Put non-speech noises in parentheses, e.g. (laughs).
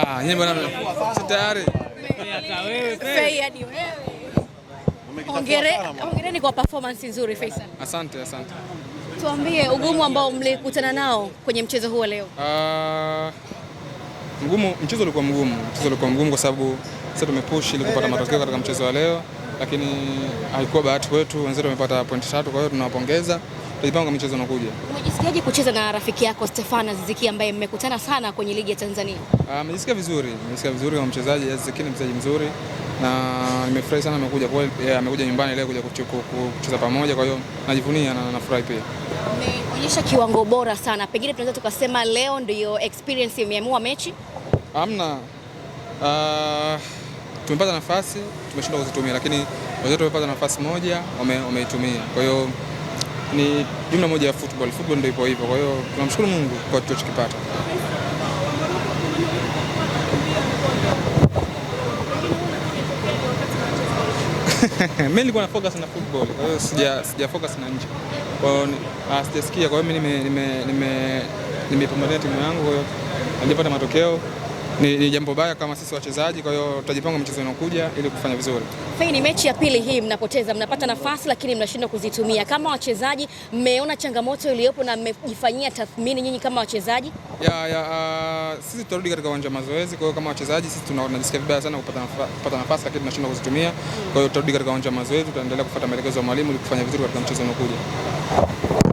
Ah, yeye bwana tayari. Hongereni kwa performance nzuri Faisal. Asante, asante. Tuambie ugumu ambao mlikutana nao kwenye mchezo huo leo. Uh, mgumu, mchezo ulikuwa mgumu. Mchezo ulikuwa mgumu kwa sababu sasa tumepush ili kupata matokeo katika mchezo wa leo, lakini haikuwa bahati wetu, wenzetu wamepata point tatu, kwa hiyo tunawapongeza tujipange michezo inakuja. Umejisikiaje kucheza na rafiki yako Stefana Ziziki ambaye mmekutana sana kwenye ligi ya Tanzania? Ah, nimejisikia vizuri, nimejisikia vizuri kama mchezaji. Ziziki ni mchezaji mzuri na nimefurahi sana amekuja kwa yeah, amekuja nyumbani leo kuja kucheza pamoja, kwa hiyo najivunia na nafurahi pia. Umeonyesha kiwango bora sana, pengine tunaweza tukasema leo ndio experience imeamua mechi. Hamna uh, tumepata nafasi tumeshindwa kuzitumia, lakini wenzetu wamepata nafasi moja wameitumia, kwa hiyo ni jumla moja ya football. Football ndio ipo hivyo, kwa hiyo tunamshukuru Mungu kwa tulichokipata. (laughs) Mimi nilikuwa na focus na football, kwa hiyo sija sija focus na nje. Kwa hiyo ah, sijasikia, kwa hiyo mimi nime nime nime nime timu yangu, kwa hiyo nilipata matokeo ni, ni jambo baya kama sisi wachezaji. Kwa hiyo tutajipanga mchezo unaokuja ili kufanya vizuri. Ni mechi ya pili hii, mnapoteza, mnapata nafasi lakini mnashindwa kuzitumia. Kama wachezaji, mmeona changamoto iliyopo na mmejifanyia tathmini nyinyi kama wachezaji? ya, ya, uh, sisi tutarudi katika uwanja wa mazoezi. Kwa hiyo kama wachezaji sisi tunajisikia vibaya sana kupata nafasi, kupata nafasi lakini tunashindwa kuzitumia. Kwa hiyo tutarudi katika uwanja wa mazoezi, tutaendelea kufuata maelekezo ya mwalimu ili kufanya vizuri katika mchezo unaokuja.